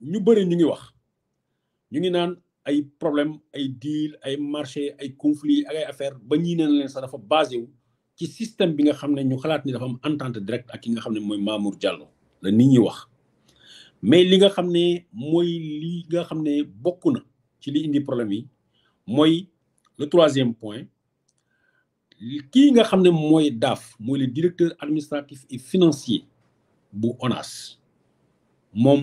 ñu bëri ñu ngi wax ñu ngi naan ay problème ay deal ay marché ay conflit ak ay affaire ba ñi nee na leen sax dafa basé wu ci système bi nga xam ne ñu xalaat ni dafa am entente direct ak ki nga xam ne mooy Mamour Diallo la nit ñi wax mais li nga xam ne mooy li nga xam ne bokk na ci li indi problème yi mooy le troisième point kii nga xam ne mooy DAF mooy le directeur administratif et financier bu ONAS moom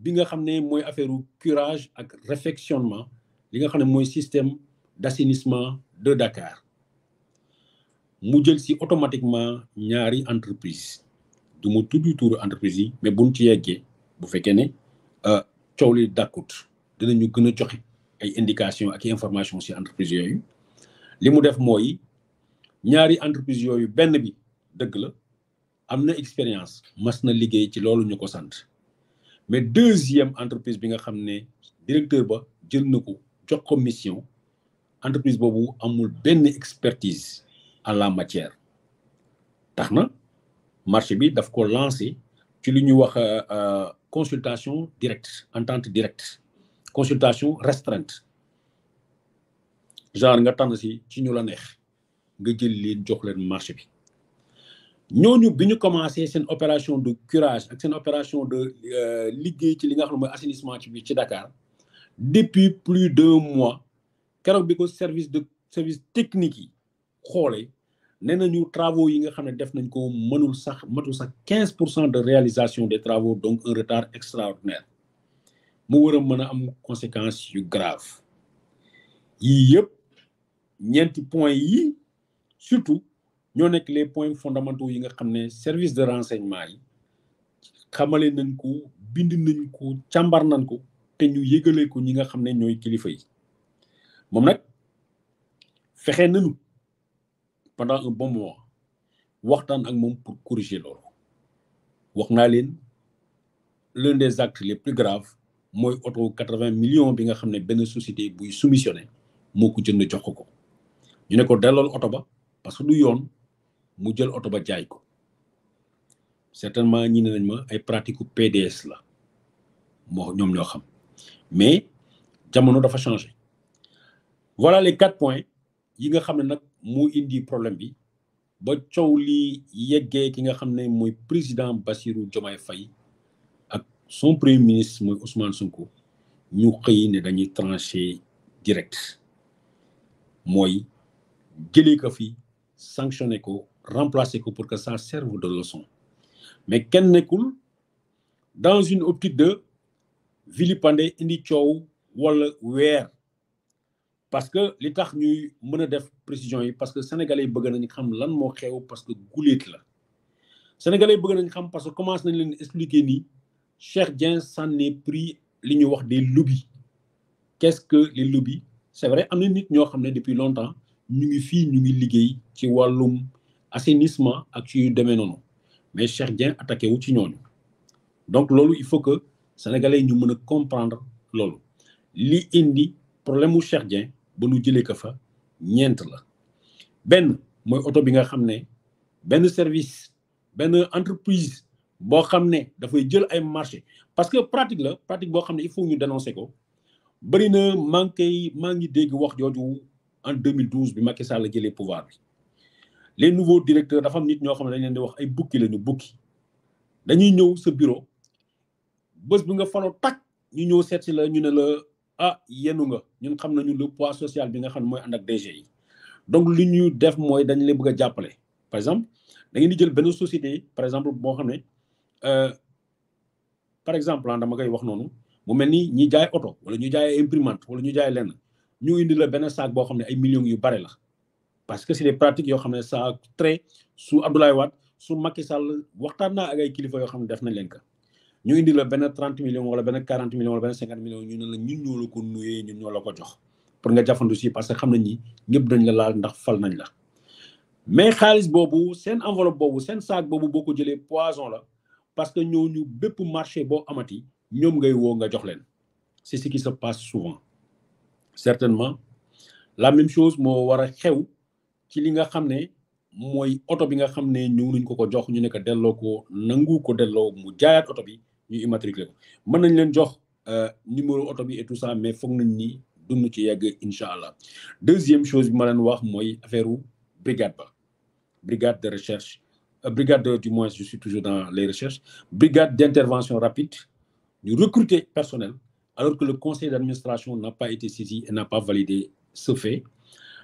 bi nga xam ne mooy affaire curage ak réfectionnement li nga xam ne mooy système d'assainissement de Dakar mu jël si automatiquement ñaari entreprise du ma tudd tuuru entreprise yi mais buñ ci yeggee bu fekkee ne euh, coow li dàkkut dinañu gën a joxe ay indication ak information si entreprise yooyu li mu def mooy ñaari entreprise yooyu benn bi dëgg la am na expérience mas na liggéey ci loolu ñu ko sant mais deuxième entreprise bi nga xam directeur ba jël na ko jox ko mission entreprise boobu amul benn expertise en la matière tax na marché bi daf ko lancé ci lu wax euh, euh, consultation directe entente directe consultation restreinte genre nga tànn si ci ñu la neex nga jël leen jox leen marché bi nous bi commencé seen opération de curage ak seen opération de euh, l'assainissement ci li nga assainissement ci Dakar depuis plus de deux mois car bi service service technique yi xoolee nee nañu travaux yi nga xam def de réalisation des travaux donc un retard extraordinaire mu war a mën conséquences yu grave yii yëpp ñeenti yi surtout ñoo nekk les points fondamentaux yi nga xam ne service de renseignement yi xamale nañ ko bind nañ ko càmbar nañ ko te ñu yëgalee ko ñi nga xam ne ñooy kilifa yi moom nag fexe nañu pendant un bon moment waxtaan ak moom pour corriger loolu wax naa leen l'un des actes les plus graves mooy auto 80 millions bi nga xam ne benn société buy soumissionné moo ko jënd jox ko ñu ne ko dellool oto ba parce que du yoon mu jël auto ba certainement ñi ma pratique PDS la mo ñom mais jamono voilà les quatre points yi nga xam ne problème bi ba li ki président Bassirou son premier ministre Ousmane Sonko ñu tranché direct mooy ko remplacer pour que ça serve de leçon mais est Nekul, dans une optique de vilipender indi coow wala parce que l'État tax ñuy mën def précision parce que sénégalais yi bëgg nañ xam lan mo xew parce que les la sénégalais yi bëgg nañ xam parce que comment nañ leen expliquer ni Cheikh Dieng s'en est pris li des lobbies qu'est-ce que les lobbies c'est vrai am nit ñoo xamné depuis longtemps ñu ngi fii ñu ngi liggéey ci walum assainissement ak ci yu demee mais Cheikh Dieng attaqué wu ci ñooñu donc lolu il faut que sénégalais ñu mëna comprendre lolu li indi problème wu Cheikh Dieng ba nu jëlé ka fa ñent la ben moy auto bi nga xamné ben service ben entreprise bo xamné da fay jël ay marché parce que pratique la pratique bo xamné il faut ñu dénoncer ko bari na maa ma ngi dégg wax jooju en 2012 bi Macky Sall jëlee pouvoir bi les nouveaux directeurs dafa am nit ñoo xam ne dañ leen di wax ay bukki lañu bukki dañuy ñëw sa bureau bés bi nga fanoo tak ñu ñëw seet si la ñu ne la ah yenu nga ñun xam nañu le poids social bi nga xam moy and ak DG yi donc li ñu def moy dañ leen bëgg jappalé par exemple da ngeen di jël benn société par exemple bo xamne euh par exemple ah dama koy wax nonu mu melni ñi jaay auto wala ñu jaay imprimante wala ñu jaay lenn ñu indi la benn sac bo xamne ay millions yu bare la parce que c'est des pratiques yo xamné ça très sous Abdoulaye Wade sous Macky Sall waxtaan naa ak ay kilifa yo xamné def nañ len ko ñu indi la ben 30 millions wala ben 40 millions wala ben 50 millions ñu ne la ñun ñoo la ko nuyé ñun ñoo la ko jox pour nga jafandu ci parce que xam nañ ni ñëpp dañ la laal ndax fal nañ la mais xaalis bobu sen enveloppe bobu sen sac Bobu, boo ko jëlee poison la parce que ñooñu bépp marché bo amati ñom ngay wo nga jox len c'est ce qui se passe souvent certainement la même chose mo Wara xew ci li nga xam moy auto bi nga xam ñu ñu ko ko jox ñu ne ko delloo ko nangu ko delo mu jaayaat auto bi ñu immatriculer ko nañ leen jox euh, numéro auto bi et tout ça mais foog nañ ni dund ci yegg inshallah deuxième chose bi ma leen wax moy affaireu brigade ba brigade de recherche euh, brigade de, du moins je suis toujours dans les recherches brigade d'intervention rapide ñu recruter personnel alors que le conseil d'administration n'a pas été saisi et n'a pas validé ce fait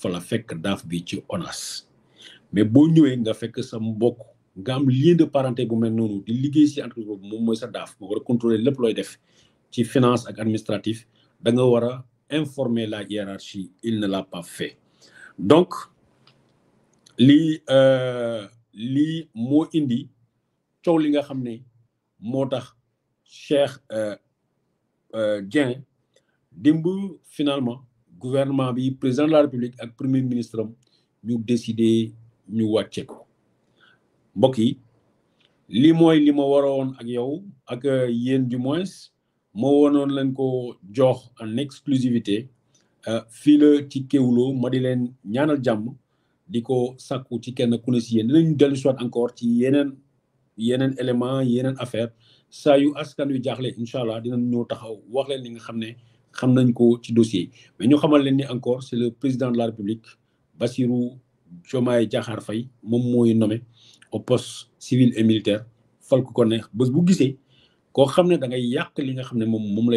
fa la fekk daf bi ONAS mais nous avons nga que sa lien de parenté bu mel contrôler finance ak administratif da nga informer la hiérarchie il ne l'a pas fait donc li euh, mo indi li nga euh, euh, finalement gouvernement bi président de la république ak premier ministre ñu décidé ñu waccé ko mbokk yi li moy li ma waroon ak yow ak euh, yéen du moins mo wonoon leen ko jox en exclusivité euh, fii la ci Kéwoulo ma di leen ñaanal jàmm di ko ci kenn ku ne si yéen dinañu dellu soit encore ci yenen yenen élément yenen affaire sa yu askan yu jaxlé inshallah dinañ ñoo taxaw wax leen li nga xamné xam nañ ko ci dossier mais ñu xamal leen ni encore c'est le président de la République Bassirou Diomaye jaxar fay moom mooy nommé au poste civil et militaire fal ko ko neex bés bu gisee koo xam ne da ngay yàq li nga xam ne moom moom lay